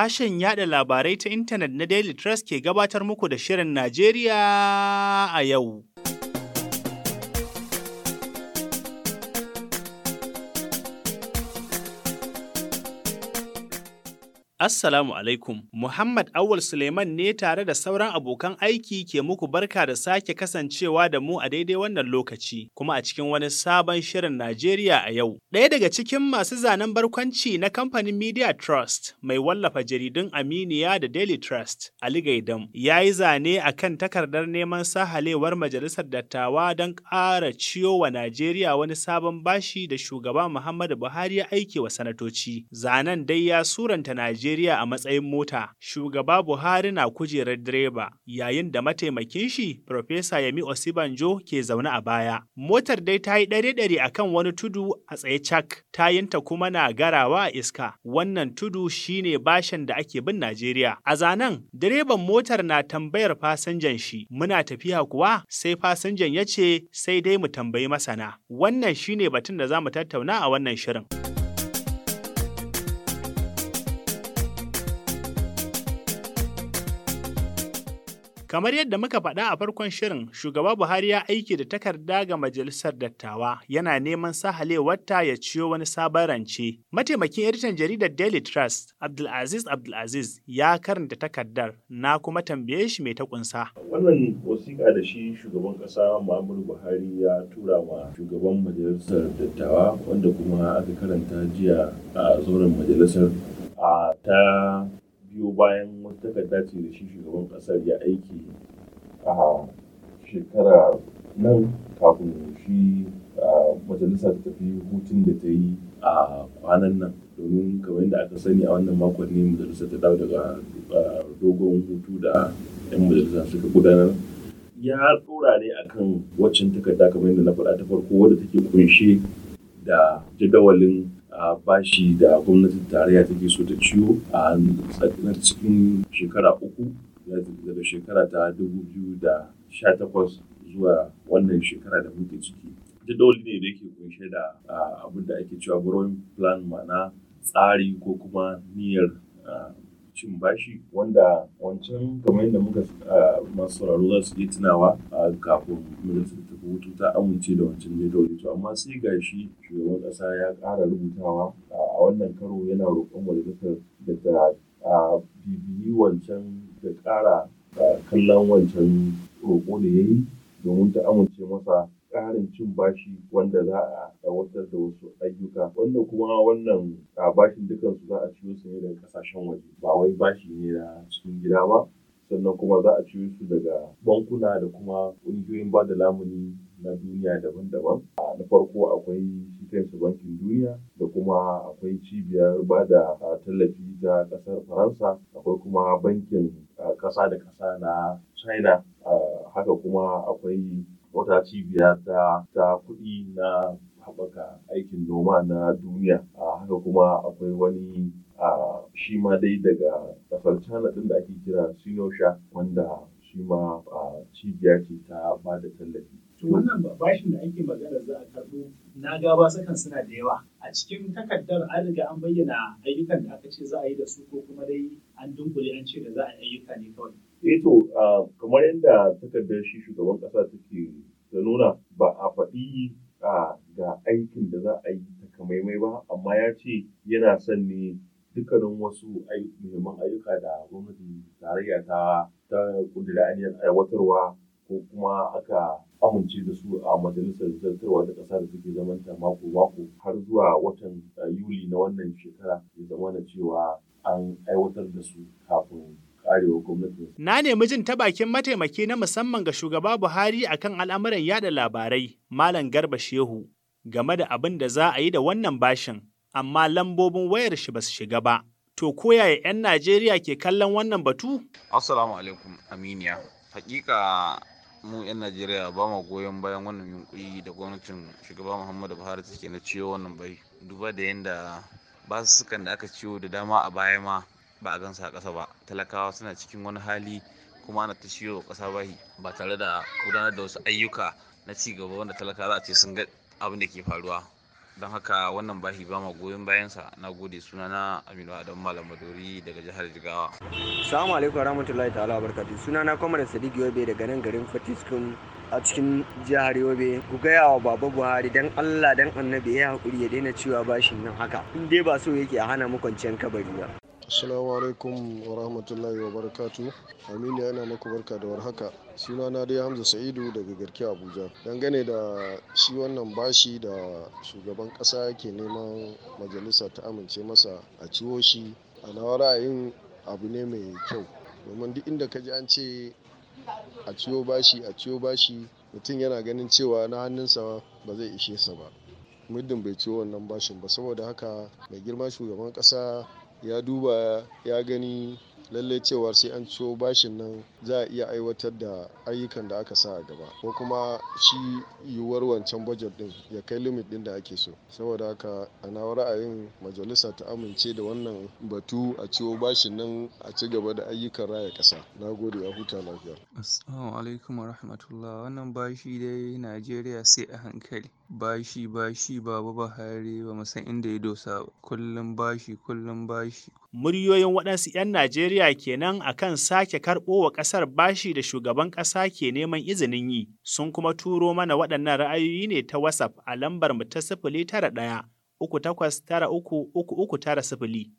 Sashen yada labarai ta intanet na Daily Trust ke gabatar muku da Shirin Najeriya a yau. Assalamu alaikum, Muhammad Awul Suleiman ne tare da sauran abokan aiki ke muku barka da sake kasancewa da mu a daidai wannan lokaci, kuma a cikin wani sabon shirin Najeriya a yau. Ɗaya daga cikin masu zanen barkwanci na kamfanin Media Trust mai wallafa jaridun Aminiya da Daily Trust, Ali Gaidam, ya yi zane a kan takardar neman sahalewar Majalisar Dattawa don ƙara ciyowa Najeriya wani sabon bashi da shugaba Muhammadu Buhari ya aike wa sanatoci. Zanen dai ya suranta Najeriya Najeriya a matsayin mota, shugaba Buhari na kujerar direba, yayin da mataimakin shi, Profesa Yemi Osibanjo ke zaune a baya. Motar dai ta yi ɗare-ɗare a kan wani tudu a tsaye cak, tayinta kuma na garawa a iska. Wannan tudu shine bashin da ake bin Najeriya. A zanen, direban motar na tambayar fasinjan shi, muna tafiya kuwa sai fasinjan ya ce sai dai mu tambayi masana. Wannan shine batun da za mu tattauna a wannan shirin. Kamar yadda muka faɗa a farkon shirin, shugaba Buhari ya aiki da takarda ga majalisar dattawa yana neman sahalewarta ya ciyo wani sabon rance. Mataimakin editan jaridar Daily Trust, Abdulaziz Abdulaziz ya karanta takardar na kuma tambaye shi mai ta kunsa. Wannan wasiƙa da shi shugaban ƙasa Muhammadu Buhari ya tura ma shugaban majalisar dattawa wanda kuma aka karanta jiya a zauren majalisar ta biyo bayan wata takarda ce da shi shugaban ƙasar ya aiki a shekara nan kafin shi majalisa ta tafi hutun da ta yi a kwanan nan domin kamar yadda aka sani a wannan makon ne majalisa ta dawo daga dogon hutu da 'yan majalisar suka gudanar ya tsora ne akan waccan takarda kamar yadda na faɗa ta farko wadda take kunshe da jadawalin bashi da gwamnatin tarayya take so ta ciwo a tsakanin cikin shekara uku daga shekara ta dubu biyu da sha takwas zuwa wannan shekara da muke ciki jadawali ne da ke kunshe da abin da ake cewa growing plan ma'ana tsari ko kuma niyyar cin bashi wanda wancan kamar yadda muka ah, masu sauraro za su iya tunawa ah, kafin ministan ta hutu ta amince da wancan jadawali to amma sai gashi shugaban ƙasa ya ƙara rubutawa ah, a wannan karo yana roƙon majalisar da ta bibiyi wancan da ƙara kallon wancan roƙo da ya yi domin ta amince masa ƙarin cin bashi wanda za a aiwatar da wasu ayyuka wanda kuma wannan bashin dukansu za a ciyo su ne daga ƙasashen waje ba wai bashi ne na cikin gida ba sannan kuma za a ciyo su daga bankuna da kuma ƙungiyoyin ba da lamuni na duniya daban-daban na farko akwai shi kansa bankin duniya da kuma akwai cibiyar ba da tallafi ta ƙasar faransa akwai kuma bankin ƙasa da ƙasa na china haka kuma akwai wata cibiya ta ta kuɗi na haɓaka aikin noma na duniya a haka kuma akwai wani a shi ma dai daga ƙasar china ɗin da ake kira sinosha wanda shi ma a cibiya ce ta ba da tallafi to wannan bashin da ake magana za a karɓo na gaba sakan suna da yawa a cikin takardar an riga an bayyana ayyukan da aka ce za a yi da su ko kuma dai an dunkule an ce da za a yi ayyuka ne kawai Eto, eh a kamar yadda takardar shi shugaban ƙasa take ta nuna ba a faɗi ga aikin da za a yi takamaimai ba amma ya ce yana son ne dukkanin wasu muhimman ayyuka da gwamnatin tarayya ta ta kudura aniyar aiwatarwa ko kuma aka amince da su a majalisar zartarwa ta ƙasa da suke zamanta mako-mako har zuwa watan yuli na wannan shekara ya zamana cewa an aiwatar da su kafin karewa gwamnati. Na nemi jin ta bakin mataimaki na musamman ga shugaba Buhari akan al'amuran yada labarai, Malam Garba Shehu, game da abin da za a yi da wannan bashin, amma lambobin wayar shi ba su shiga ba. To koyaya 'yan Najeriya ke kallon wannan batu? Assalamu alaikum Aminiya. Hakika mu 'yan Najeriya ba mu goyon bayan wannan yunkuri da gwamnatin shugaba Muhammadu Buhari take na ciwo wannan bai. Duba da yadda sukan da aka ciwo da dama a baya ma ba a gansa a ƙasa ba talakawa suna cikin wani hali kuma ana ta shiyo ƙasa bahi ba tare da gudanar da wasu ayyuka na ci gaba wanda talakawa za a ce sun ga abin da ke faruwa don haka wannan bashi ba ma goyon bayansa na gode suna na aminu adam malam madori daga jihar jigawa salamu alaikum rahmatullahi ta'ala barkatu suna na kwamar sadiq yobe daga nan garin fatiskun a cikin jihar yobe ku gaya wa baba buhari dan allah dan annabi ya haƙuri ya daina cewa bashin nan haka in dai ba so yake a hana mu kwanciyar kabari ba Assalamu alaikum wa rahmatullahi wa barakatu. Aminu yana maku barka da warhaka. Suna na dai Hamza Sa'idu daga Garki Abuja. Dangane da shi wannan bashi da shugaban kasa yake neman majalisa ta amince masa a ciwo shi a nawa ra'ayin abu ne mai kyau. Domin duk inda ka ji an ce a ciwo bashi a ciwo bashi mutum yana ganin cewa na hannunsa ba zai ishe sa ba. muddin bai ciwo wannan bashin ba saboda haka mai girma shugaban kasa ya duba ya gani lalle cewa sai an ciwo bashin nan za a iya aiwatar da ayyukan da aka sa a gaba ko kuma shi yiwuwar wancan bajet din ya kai limit din da ake so saboda haka a ra'ayin majalisa ta amince da wannan batu a ciwo bashin nan a ci gaba da ayyukan raya kasa na gode a huta lafiya assalamu alaikum wa rahmatullah wannan bashi dai najeriya sai a hankali bashi bashi baba bahari ba musan inda ya dosa kullum bashi kullum bashi muryoyin waɗansu 'yan najeriya Najeriya kenan akan sake karɓo wa ƙasar bashi da shugaban ƙasa ke neman izinin yi, sun kuma turo mana waɗannan ra'ayoyi ne ta WhatsApp a lambar mu ta sifili tara ɗaya, uku takwas tara uku, uku uku tara sifili.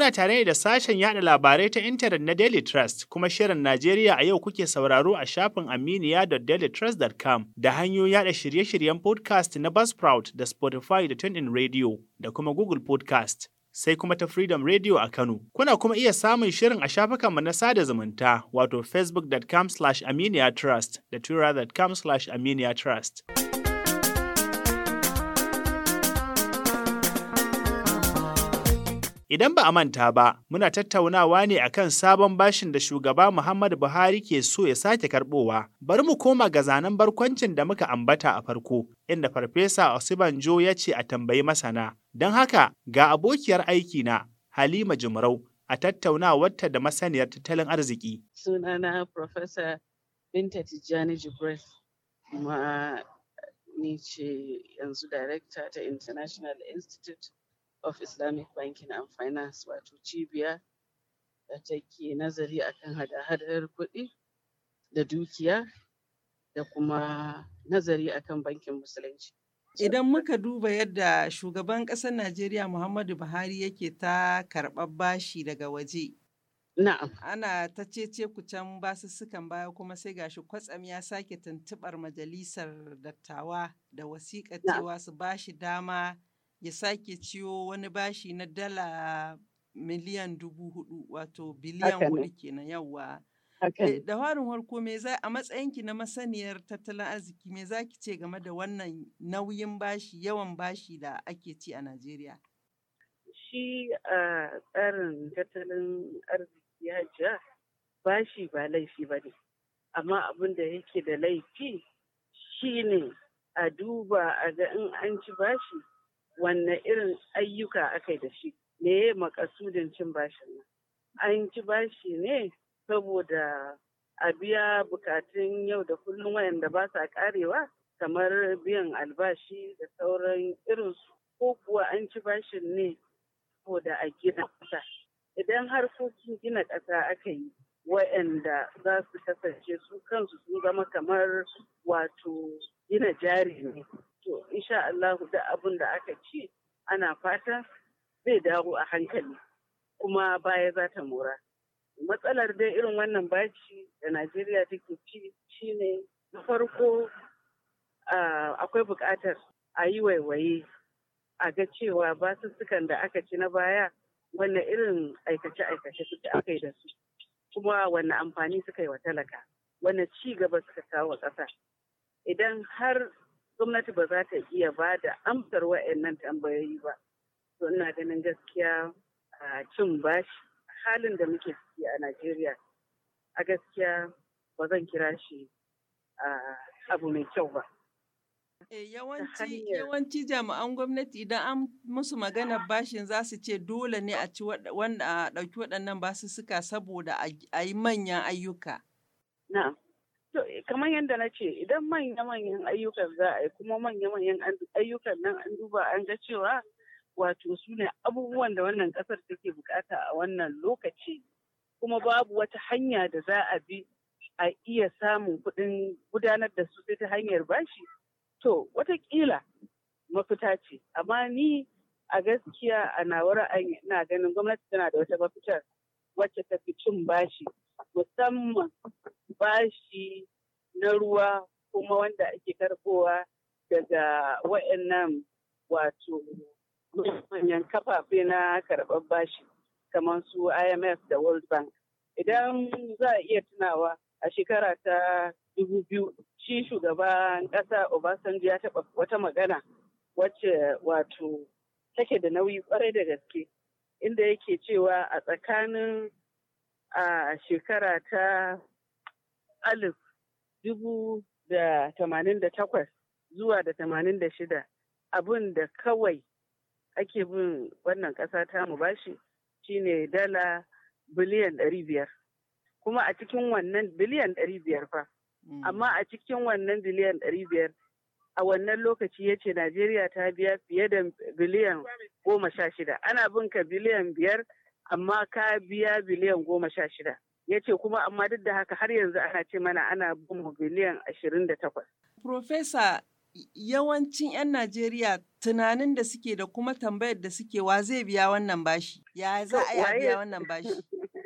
Kuna tare da sashen yada labarai ta intanet na Daily Trust kuma shirin Najeriya a yau kuke sauraro a shafin aminiya.dailytrust.com da hanyoyin yada shirye-shiryen podcast na Buzzsprout da Spotify da TuneIn Radio da kuma Google Podcast. Sai kuma ta Freedom Radio a Kano. Kuna kuma iya samun shirin a shafukanmu na sada zumunta wato facebook.com/aminiya trust da twitter.com/aminiya trust. Idan ba a manta ba, muna tattaunawa ne akan sabon bashin da shugaba Muhammadu Buhari ke so ya sake karbowa. Bari mu koma ga zanen barkwancin da muka ambata a farko, inda Farfesa Osibanjo ya ce a tambayi masana. Don haka, ga abokiyar aiki na Halima Jumrau, a tattaunawarta da masaniyar tattalin arziki. Sunana Profesa Binta Tijjani Jibril, ma ni ce yanzu Director ta International Institute of Islamic Banking and Finance wato cibiya da take nazari akan hada-hadar kuɗi da dukiya da kuma nazari akan bankin musulunci. Idan muka duba yadda shugaban ƙasar Najeriya Muhammadu Buhari yake ta karɓar bashi daga waje. Na'am. Ana ta cece ku can basussukan baya kuma sai gashi kwatsam ya sake tuntuɓar majalisar dattawa da wasiƙa cewa su bashi dama ya sake ciwo wani bashi na dala miliyan dubu hudu wato biliyan hudu kenan yawa. Eh, da farin harko me za a matsayinki na masaniyar tattalin arziki me za ki ce game da wannan nauyin bashi yawan bashi da ake ci a Najeriya? Shi a tsarin tattalin arziki ya ja bashi ba laifi ba ne, amma abin da yake da laifi shi ne a duba a ga in an ci bashi wanne irin ayyuka aka yi da shi me ya makasudin cin bashin nan an ci bashi ne saboda a biya bukatun yau da kullum wayanda ba sa karewa kamar biyan albashi da sauran irinsu ko kuwa an ci bashin ne da a gina ƙasa idan harkokin gina ƙasa aka yi waɗanda za su kasance su kansu sun zama kamar wato gina jari ne to insha Allah da abin da aka ci ana fata zai dawo a hankali kuma baya za ta mora matsalar dai irin wannan baci da najeriya take ci shine na farko akwai bukatar a yi waiwaye a ga cewa basussukan da aka ci na baya wannan irin aikace-aikace suke aka yi da su kuma wannan amfani suka yi wa talaka wannan ci gaba suka kawo ƙasa idan har gwamnati ba za ta iya ba da amsar wa'annan tambayoyi ba to ina ganin gaskiya a cin bashi halin da muke ciki a najeriya a gaskiya ba zan kira shi abu mai kyau ba eh, Yawanci jami'an gwamnati idan an musu maganar bashin za su ce dole ne a ci wanda a ɗauki waɗannan basussuka saboda a yi manyan ayyuka. To kamar yadda na ce idan manya-manyan ayyukan za a yi kuma manya-manyan ayyukan nan an duba an ga cewa wato su ne abubuwan da wannan kasar take bukata a wannan lokaci kuma babu wata hanya da za a bi a iya samun kuɗin gudanar da su sai ta hanyar bashi to watakila mafita ce amma ni a gaskiya a nawa na ganin gwamnati tana da wata mafitar wacce ta fi cin bashi musamman bashi na ruwa kuma wanda ake karbowa daga wa'annan wato manyan kafafe na karɓar bashi kamar su imf da world bank idan za a iya tunawa a shekara ta dubu biyu shi shugaban ƙasa obasanjo ya taɓa wata magana wacce wato take da nauyi kwarai da gaske inda yake cewa a tsakanin a shekara ta alif dubu da tamanin da takwas zuwa da tamanin da shida abin da kawai ake bin wannan ƙasa ta mu bashi shine dala biliyan ɗari biyar kuma a cikin wannan biliyan ɗari biyar fa mm. amma a cikin wannan biliyan ɗari biyar a wannan lokaci ya ce Najeriya ta biya fiye da biliyan goma sha shida. Ana bin ka biliyan biyar amma ka biya biliyan goma sha shida ya ce kuma amma duk da haka har yanzu ana ce mana ana bin biliyan ashirin da takwas. Profesa yawancin 'yan Najeriya tunanin da suke da kuma tambayar da suke wa zai biya wannan bashi ya za a yi biya wannan bashi.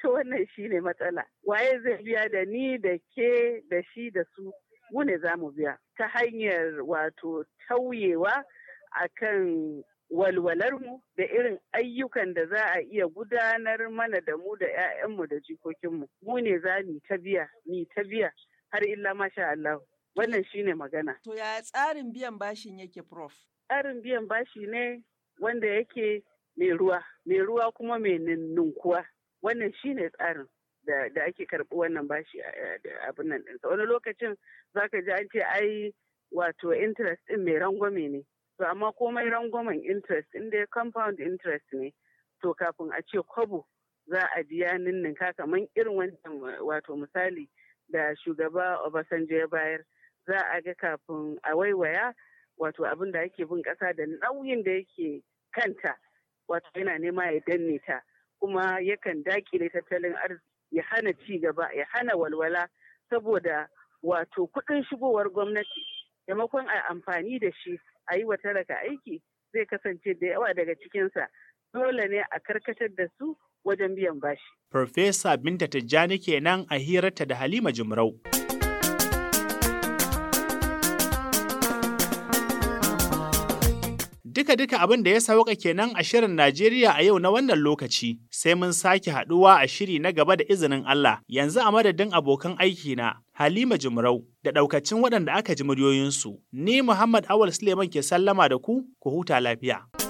To wannan shi ne matsala. Waye zai biya da ni da ke da shi da su mu ne za mu biya ta hanyar wato tauyewa akan walwalarmu da irin ayyukan da za a iya gudanar mana da mu da 'ya'yanmu da jikokinmu mu ne za ni ta biya ni ta biya har illa masha Allah wannan shine magana to ya tsarin biyan bashin yake prof tsarin biyan bashi ne wanda yake mai ruwa mai ruwa kuma mai ninninkuwa wannan shine tsarin da ake karɓi wannan bashi abin nan ɗinsa wani lokacin zaka ji an ce ai wato interest ɗin mai rangwame ne to amma komai rangwamen interest inda compound interest ne to kafin a ce kwabo za a biya ninninka kamar irin wancan, wato misali da shugaba Obasanjo ya bayar za a ga kafin a waiwaya wato abin da ake bin ƙasa da nauyin da yake kanta wato yana nema ya danne ta kuma yakan dakile tattalin arziki ya hana ci gaba ya hana walwala saboda wato kuɗin shigowar gwamnati maimakon a amfani da shi a yi wa talaka aiki zai kasance da yawa daga cikinsa dole ne a karkatar da su wajen biyan bashi. Farfesa Binta Tijjani kenan a hirarta da Halima Jumrau. Duka-duka abin da ya sauka kenan a shirin Najeriya a yau na wannan lokaci, sai mun sake haɗuwa a shiri na gaba da izinin Allah, yanzu a madadin abokan aikina, Halima Jumrau, da ɗaukacin waɗanda aka ji muryoyinsu, ni Muhammad Awal Suleiman ke sallama da ku, ku huta lafiya.